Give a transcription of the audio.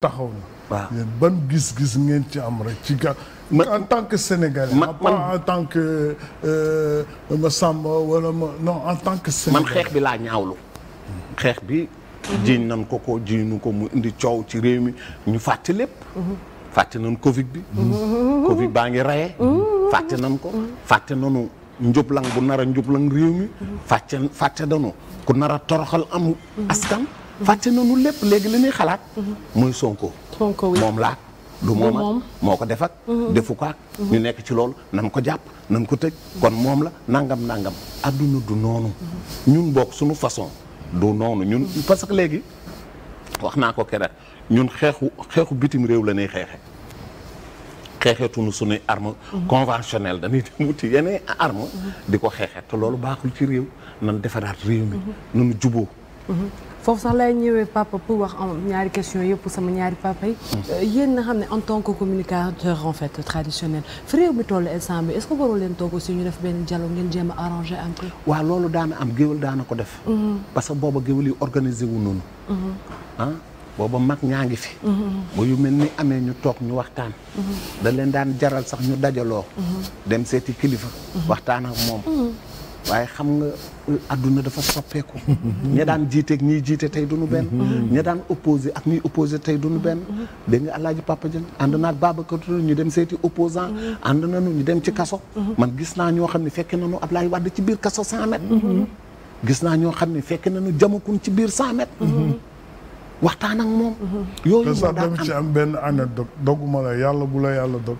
taxaw na. waaw yéen ban gis-gis ngeen ci am rek ci ga. en tant que sénégalais. man pas en tant euh, Samba wala ma non en tant xeex bi laa ñaawlu. xeex bi. jiiñ nañ ko ko jiiñu ko mu indi coow ci réew mi ñu fàtte lépp. fàtte nañ Covid bi. Mm-hmm. Covid baa ngi reye. Mm-hmm. fàtte nañ ko fàtte nañu. njublang bu nar a njublang réew mi fàtte fàtte danu ku nar a toroxal amu askam fàcce nanu lépp léegi li xalaat muy Sonko moom laak du moom moo ko def ak mm-hmm. defu ko ak mm-hmm. ñu nekk ci loolu nan ko jàpp nan ko tëj kon moom la nangam nangam adduna du noonu mm-hmm. ñun bokk suñu façon du noonu ñun parce que léegi wax naa ko keroog ñun xeexu xeexu bitim réew la ñuy xeexe xeexetuñu suñuy arme conventionnelle dañuy dem wuti yeneen arme di ko xeexet loolu baaxul ci réew nan defaraat réew mi nunu juboo foofu sax lay ñëwee papa pour wax ñaari question yëpp sama ñaari papa yi. yéen xam ne en tant que communicateur en fait traditionnel fi réew mi toll instant est-ce que waroo leen toog aussi ñu def benn dialogue ngeen jéem a arrangé un peu. loolu daana am géwél daana ko def. Mm-hmm. parce que booba géwél yi organisé wu noonu. Mm-hmm. Ah? booba mag ñaa ngi fi mm-hmm. ba yu mel ni amee ñu toog ñu waxtaan mm-hmm. da leen daan jaral sax ñu dajaloo mm-hmm. dem seeti kilifa waxtaan ak moom waaye xam nga adduna euh, dafa soppeeku ña daan jiite ak ñiy jiite tey duñu benn ña daan opposé ak ñiy opposé tey duñu benn de nga alaaji papa jën ànd naa ak Babacar Touré ñu dem seeti opposant ànd nañu ñu dem ci kaso man gis naa ñoo xam ne fekk nañu Ablaye ci biir kaso cent mètres naa ñoo xam ne fekk nañu jamakun ci biir cent mètres waxtaan ak moom. Mhm. yooyu moo daan am ci am benn anecdote doguma la yàlla bu la yàlla dog